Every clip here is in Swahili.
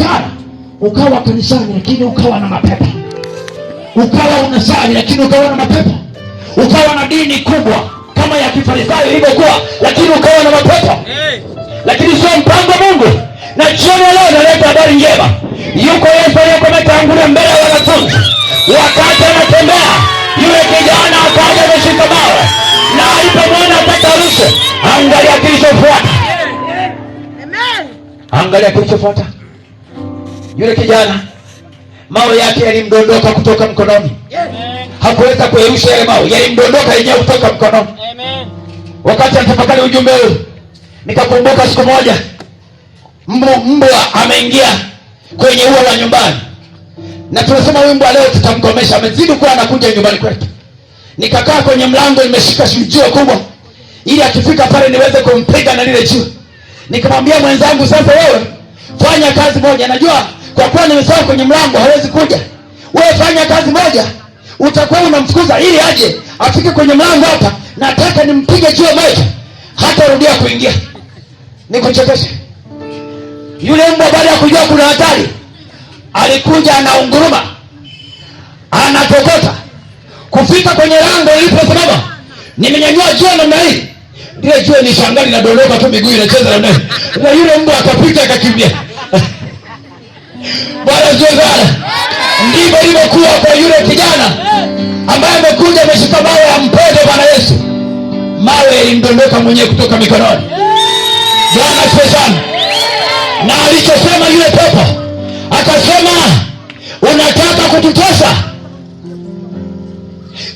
shetani ukawa kanisani, lakini ukawa na mapepo, ukawa unasali, lakini ukawa na mapepo, ukawa na dini kubwa kama ya kifarisayo ilivyokuwa, lakini ukawa na mapepo, lakini sio mpango Mungu. Na jioni leo naleta habari njema, yuko Yesu aliyekuwa ametangulia mbele ya wanafunzi wakati anatembea yule kijana akaja ameshika mawe, na alipomwona akatarusha. Angalia kilichofuata, angalia kilichofuata. Yule kijana mawe yake yalimdondoka kutoka mkononi, hakuweza kuyeusha yale mawe, yalimdondoka yenyewe kutoka mkononi. Wakati anatafakari ujumbe huu, nikakumbuka siku moja mbwa ameingia kwenye ua la nyumbani, na tunasema huyu mbwa leo tutamkomesha, amezidi kuwa anakuja nyumbani kwetu. Nikakaa kwenye mlango, nimeshika jua kubwa ili akifika pale niweze kumpiga na lile jua Nikamwambia mwenzangu, sasa wewe fanya kazi moja, najua kwa kuwa nimesimama kwenye mlango, hawezi kuja. Wewe fanya kazi moja, utakuwa unamfukuza ili aje afike kwenye mlango. Hapa nataka nimpige jua moja, hata rudia kuingia. Nikuchekeshe, yule mbwa baada ya kujua kuna hatari, alikuja anaunguruma, anatokota kufika kwenye lango liliposimama. Nimenyanyua jua namna hii, ndiyo jiwe nishangali na dondoka tu, miguu inacheza namna hii, na yule mbwa akapita akakimbia. Bwana Zuegala, ndivyo ilivyokuwa kwa yule kijana ambaye amekuja ameshika mawe ya mpende Bwana Yesu, mawe yalimdondoka mwenyewe kutoka mikononi. Bwana asifiwe sana. Na alichosema yule pepo akasema, unataka kututesa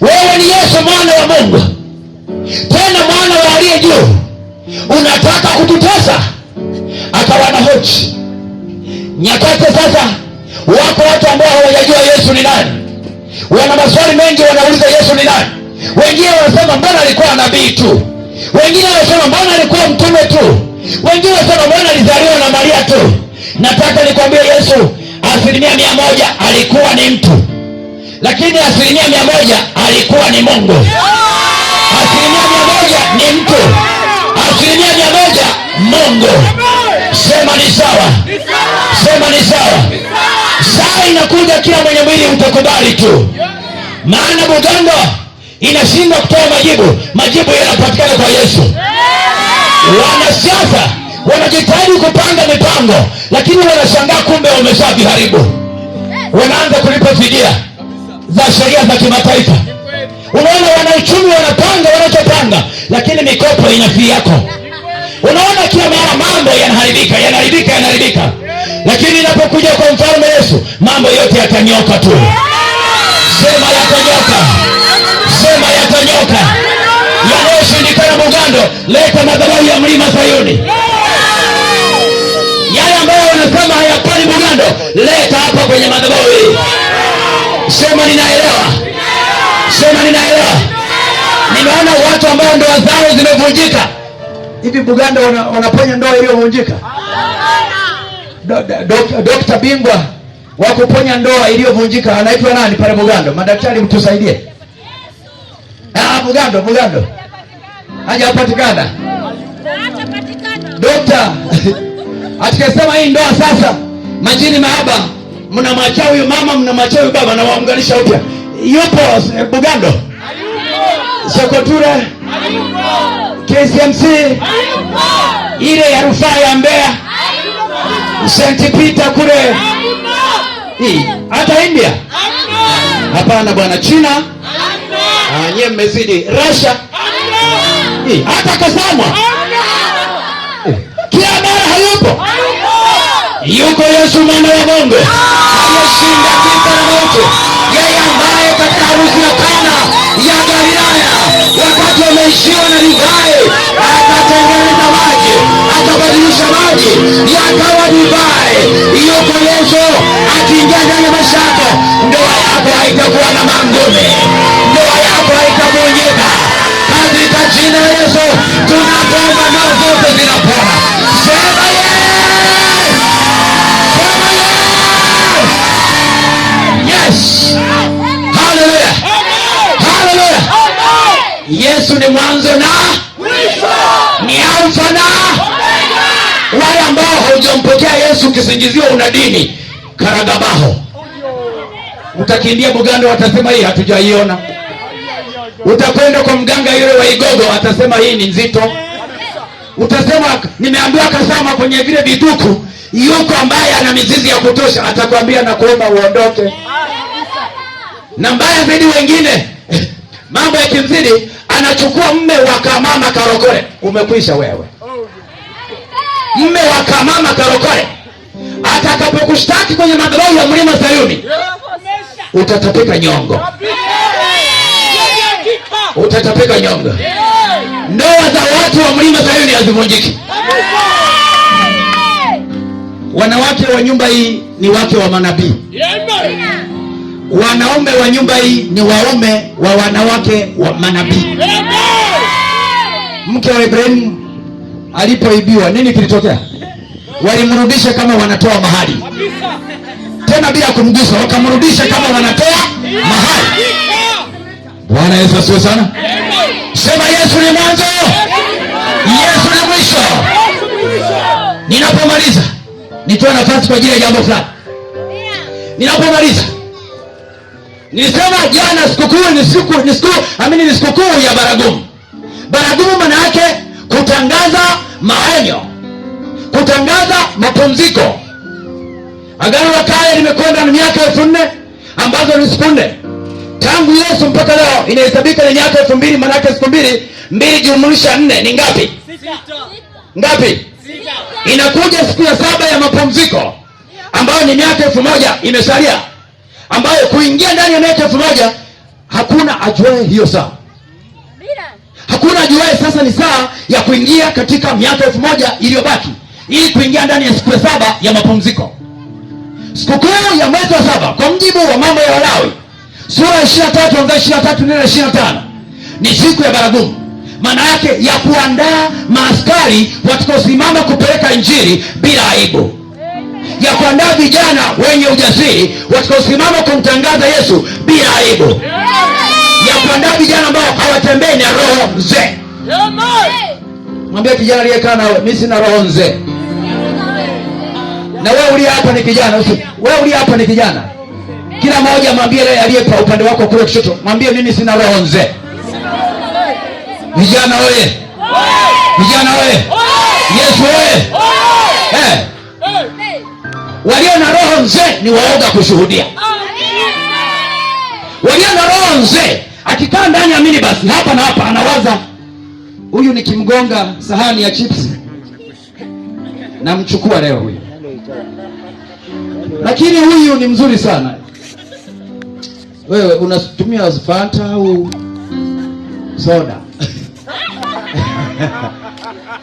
wewe? Ni Yesu mwana wa Mungu, tena mwana wa aliye juu, unataka kututesa? Akawa na hoji nyakati sasa, wako watu ambao hawajajua Yesu ni nani, wana maswali mengi, wanauliza Yesu ni nani. Wengine wanasema mbona alikuwa nabii tu, wengine wanasema mbona alikuwa mtume tu, wengine wanasema mbona alizaliwa na Maria tu. Nataka nikwambie Yesu asilimia mia moja alikuwa ni mtu, lakini asilimia mia moja alikuwa ni Mungu. Asilimia mia moja ni mtu, asilimia mia moja Mungu. Sema ni sawa, sema ni sawa. Saa inakuja kila mwenye mwili utakubali tu, maana Bugando inashindwa kutoa majibu. Majibu yanapatikana kwa Yesu. Wanasiasa wanajitahidi kupanga mipango, lakini wanashangaa, kumbe wameshaviharibu. Wanaanza kulipa fidia za sheria za kimataifa. Unaona, wanauchumi wanapanga wanachopanga, lakini mikopo ina fii yako Unaona kila mara mambo yanaharibika yanaharibika yanaharibika, lakini inapokuja kwa mfalme Yesu mambo yote yatanyoka tu. Sema yatanyoka, sema yatanyoka. Yanayoshindikana Bugando, leta madhabahu ya mlima Sayuni. Yale ambayo wanasema hayapani Bugando, leta hapa kwenye madhabahu hii. Sema ninaelewa, sema ninaelewa. Nimeona watu ambao ndoa zao zimevunjika hivi Buganda wanaponya ndoa iliyovunjika? Do, do, dokta bingwa wa kuponya ndoa iliyovunjika anaitwa nani pale Bugando? Madaktari mtusaidie. Ah, Bugando, Bugando hajapatikana dokta atikasema hii ndoa sasa, majini mahaba, mna mwacha huyu mama, mna mwacha huyu baba, na waunganisha upya. Yupo eh, Bugando Sokotura? KCMC ile ya rufaa ya Mbeya St. Peter kule hata India hapana bwana, China ah, nyie mmezidi, Russia hata Kasamwa eh, kila mara hayupo, yuko Yesu mwana wa Mungu aliyeshinda kifo na mauti, yeye ambaye katika harusi ya Kana ya Galilaya akaishiwa na divai, akatengeneza maji, akabadilisha maji yakawa divai. Hiyo kolezo akiingia ndani ya maisha yako, ndoa yako haitakuwa na mangome. Yesu ni mwanzo na mwisho, ni alfa na omega. Wale ambao haujampokea Yesu ukisingiziwa una dini karagabaho, utakimbia Bugando, watasema hii hatujaiona. Utakwenda kwa mganga yule wa Igogo, atasema hii ni nzito. Utasema nimeambiwa kasama kwenye vile vituku yuko ambaye ana mizizi ya kutosha, atakwambia kuomba uondoke. Na mbaya zaidi wengine mambo ya kimzidi anachukua mme wa kamama karokore, umekwisha wewe. Mme wa kamama karokore atakapokushtaki kwenye madhabahu ya mlima Sayuni utatapika nyongo, utatapika nyongo. Ndoa za watu wa mlima Sayuni hazivunjiki. Wanawake wa nyumba hii ni wake wa manabii wanaume wa nyumba hii ni waume wa wanawake wa manabii. Mke wa Ibrahimu alipoibiwa, nini kilitokea? Walimrudisha kama wanatoa mahali, tena bila kumgusa, wakamrudisha kama wanatoa mahali. Bwana Yesu asiwe sana. Sema Yesu ni mwanzo, Yesu ni mwisho. Ninapomaliza nitoe nafasi kwa ajili ya jambo fulani, ninapomaliza Nilisema jana sikukuu ni siku ni siku amini ni sikukuu ya baragumu. Baragumu maana yake kutangaza maonyo, kutangaza mapumziko. Agano la Kale limekwenda na miaka elfu nne ambazo ni siku nne tangu Yesu mpaka leo, inahesabika ni miaka elfu mbili maana siku mbili mbili jumulisha nne ni ngapi? Sita. Ngapi? Sita. Inakuja siku ya saba ya mapumziko ambayo ni miaka elfu moja imesalia ambayo kuingia ndani ya miaka elfu moja hakuna ajuae hiyo saa, hakuna ajuae sasa ni saa ya kuingia katika miaka elfu moja iliyobaki ili kuingia ndani ya siku ya saba ya mapumziko, sikukuu ya mwezi wa saba kwa mjibu wa mambo ya Walawi sura ishirina tatu anga ishirina tatu neno ishirini tano ni siku ya baragumu, maana yake ya kuandaa maaskari watakaosimama kupeleka injiri bila aibu ya kuandaa vijana wenye ujasiri watakaosimama kumtangaza Yesu bila aibu, ya kuandaa vijana ambao hawatembei na roho mzee. Mwambie kijana aliyekaa nawe, mimi sina roho mzee. Na wee uliye hapa ni kijana, wee uliye hapa ni kijana. Kila moja mwambie yule aliye upande wako kule kushoto, mwambie mimi sina roho mzee. Vijana oye! Vijana oye! Yesu oye! Eh! roho nzee ni waoga kushuhudia. Walio na roho nzee akikaa ndani ya mini basi hapa na hapa, anawaza huyu nikimgonga sahani ya chips namchukua leo huyu, lakini huyu ni mzuri sana. Wewe unatumia Fanta au soda?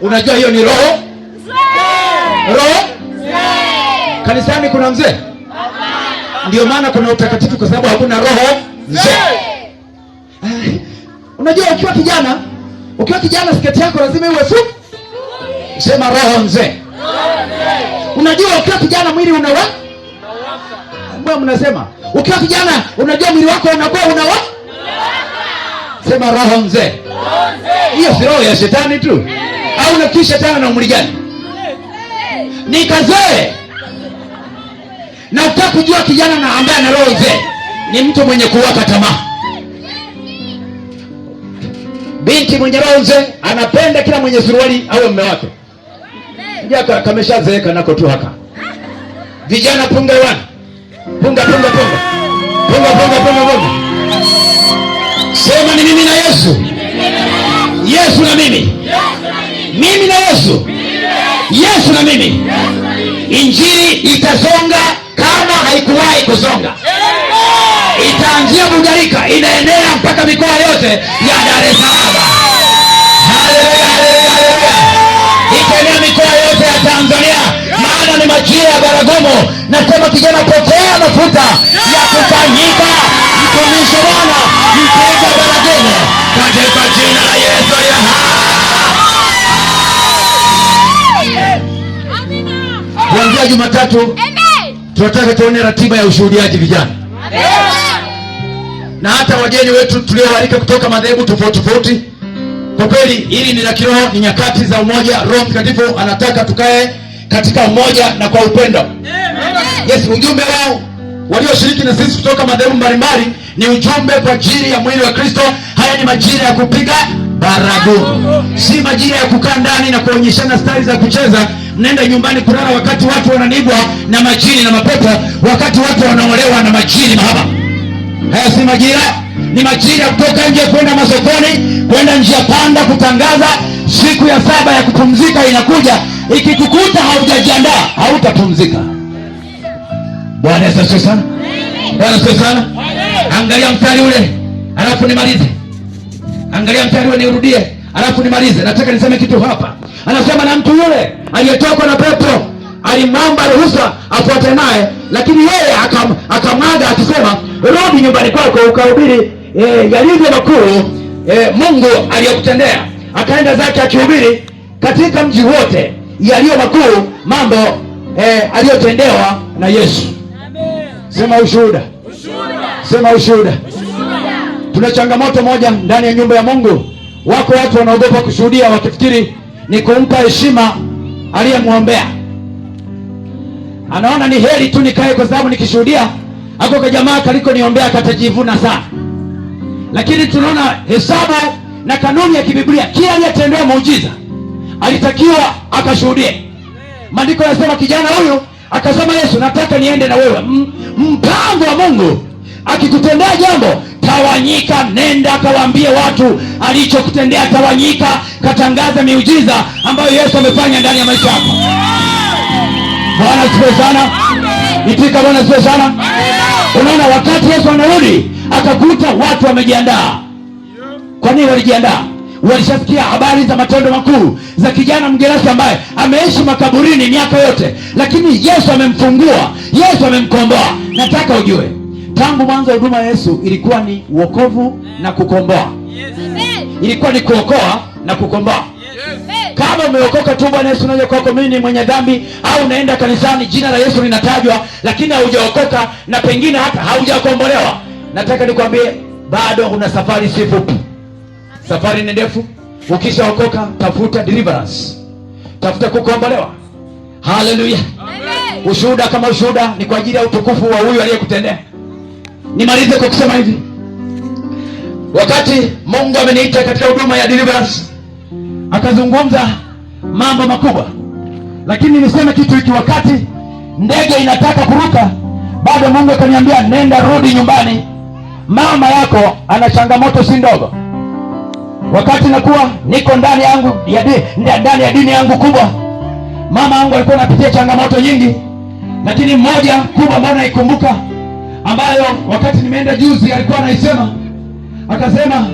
Unajua hiyo ni roho roho Kanisani kuna mzee? Ndio maana kuna utakatifu, kwa sababu hakuna roho mzee. Ah, unajua, ukiwa kijana, ukiwa kijana sketi yako lazima iwe fupi, sema roho mzee. Unajua, ukiwa kijana mwili unawa mbona mnasema, ukiwa kijana unajua mwili wako unakuwa unawa, sema roho mzee. Hiyo si roho ya shetani tu au? Nafikiri shetani na umri gani? Nikazee na utaka kujua kijana na ambaye ana roho uzee ni mtu mwenye kuwaka tamaa. Binti mwenye roho uzee anapenda kila mwenye suruali awe mume wake, ndio kameshazeeka nako tu haka. Vijana punga wana punga punga punga punga punga punga punga, sema ni mimi na Yesu, Yesu na mimi, mimi na Yesu, Yesu na mimi, injili itasonga kusonga, itaanzia Bugarika inaenea mpaka mikoa yote ya Dar es Salaam. Itaenea mikoa yote ya Tanzania, maana ni majia ya baragumu. Nasema kijana, pokea mafuta ya kufanyika mtumishi Bwana, mpiga baragumu katika jina la Yesu ya kuanzia Jumatatu tunataka tuone ratiba ya ushuhudiaji vijana na hata wageni wetu tuliowalika kutoka madhehebu tofauti tofauti. Kwa kweli hili ni la kiroho, ni nyakati za umoja. Roho Mtakatifu anataka tukae katika umoja na kwa upendo. Yes, ujumbe wao walioshiriki na sisi kutoka madhehebu mbalimbali ni ujumbe kwa ajili ya mwili wa Kristo. Haya ni majira ya kupiga baragumu, si majira ya kukaa ndani na kuonyeshana stari za kucheza nenda nyumbani kulala, wakati watu wananigwa na majini na mapepo, wakati watu wanaolewa na majini mahaba. Haya si majira, ni majira ya kutoka nje kwenda masokoni, kwenda njia panda, kutangaza siku ya saba ya kupumzika inakuja. Ikikukuta haujajiandaa hautapumzika. Bwana Yesu asifiwe sana. Bwana asifiwe sana. Angalia mstari ule, alafu nimalize. Angalia mstari ule, nirudie alafu nimalize. Nataka niseme kitu hapa. Anasema na mtu yule aliyetokwa na Petro alimwomba ruhusa afuate naye, lakini yeye akamwaga akisema, rudi nyumbani kwako ukahubiri e, yalivyo makuu e, Mungu aliyokutendea. Akaenda zake akihubiri katika mji wote yaliyo makuu mambo e, aliyotendewa na Yesu. Amen. Sema ushuhuda, sema ushuhuda. Tuna changamoto moja ndani ya nyumba ya Mungu Wako watu wanaogopa kushuhudia, wakifikiri ni kumpa heshima aliyemwombea. Anaona ni heri tu nikae, kwa sababu nikishuhudia ako kwa jamaa kalikoniombea katajivuna sana. Lakini tunaona hesabu na kanuni ya kibiblia, kila aliyetendewa muujiza alitakiwa akashuhudie. Maandiko yanasema kijana huyu akasema, Yesu, nataka niende na wewe. Mpango wa Mungu akikutendea jambo Tawanyika, nenda kawaambie watu alichokutendea. Tawanyika, katangaza miujiza ambayo Yesu amefanya ndani ya maisha yako. Bwana asifiwe sana, itika Bwana asifiwe sana. Unaona, wakati Yesu anarudi akakuta watu wamejiandaa. Kwa nini walijiandaa? Walishasikia habari za matendo makuu za kijana Mgerasi ambaye ameishi makaburini miaka yote, lakini Yesu amemfungua, Yesu amemkomboa. Nataka ujue Tangu mwanzo wa huduma ya Yesu ilikuwa ni wokovu na kukomboa, ilikuwa ni kuokoa na kukomboa. Kama umeokoka tu Bwana Yesu naja kwako, mimi ni mwenye dhambi, au unaenda kanisani, jina la Yesu linatajwa, lakini haujaokoka na pengine hata haujakombolewa, nataka nikwambie bado una safari, si fupi, safari ni ndefu. Ukishaokoka tafuta deliverance, tafuta kukombolewa. Haleluya! Ushuhuda kama ushuhuda ni kwa ajili ya utukufu wa huyu aliyekutendea. Nimalize kwa kusema hivi, wakati Mungu ameniita katika huduma ya deliverance akazungumza mambo makubwa, lakini niseme kitu hiki. Wakati ndege inataka kuruka, bado Mungu akaniambia nenda, rudi nyumbani, mama yako ana changamoto si ndogo. Wakati nakuwa niko ndani yangu ya dini, ndani ya dini yangu kubwa, mama yangu alikuwa anapitia changamoto nyingi, lakini moja kubwa ambayo naikumbuka ambayo wakati nimeenda juzi alikuwa anaisema, akasema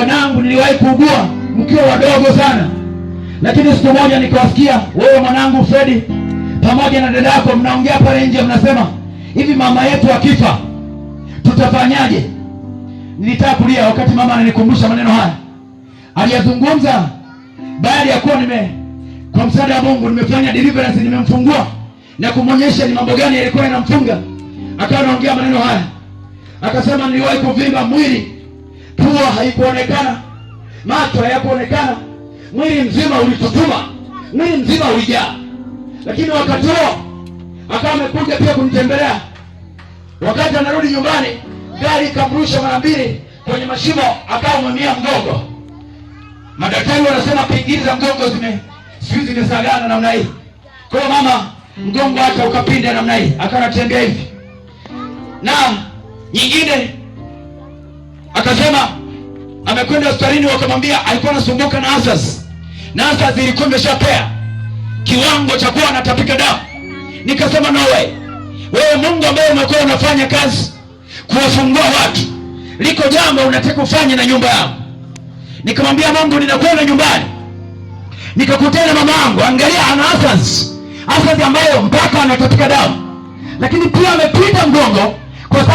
wanangu, niliwahi kuugua mkiwa wadogo sana, lakini siku moja nikawasikia wewe mwanangu Fredi pamoja na dada yako mnaongea pale nje, mnasema hivi, mama yetu akifa tutafanyaje? Nilitaka kulia wakati mama ananikumbusha maneno haya aliyazungumza baada ya kuwa nime kwa msaada wa Mungu nimefanya deliverance, nimemfungua na kumwonyesha ni mambo gani yalikuwa yanamfunga. Akawa anaongea maneno haya, akasema niliwahi kuvimba mwili, pua haikuonekana, macho hayakuonekana, mwili mzima ulitutuma, mwili mzima ulijaa. Lakini wakati huo akawa amekuja pia kunitembelea. Wakati anarudi nyumbani, gari ikamrusha mara mbili kwenye mashimo, akawa mwemia mgongo. Madaktari wanasema pingili za mgongo zime sijui zimesagana namna hii, kwa mama mgongo wake ukapinda namna hii, akawa anatembea hivi Naam, nyingine akasema amekwenda hospitalini, wakamwambia alikuwa anasumbuka na asas na asas ilikuwa imeshapea kiwango cha kuwa anatapika damu. Nikasema no way, wewe Mungu ambaye umekuwa unafanya kazi kuwafungua watu, liko jambo unataka kufanya na nyumba yangu. Nikamwambia Mungu, ninakwenda nyumbani, nikakutana mama yangu, angalia, ana asas asas ambayo mpaka anatapika damu, lakini pia amepita mgongo kwa sababu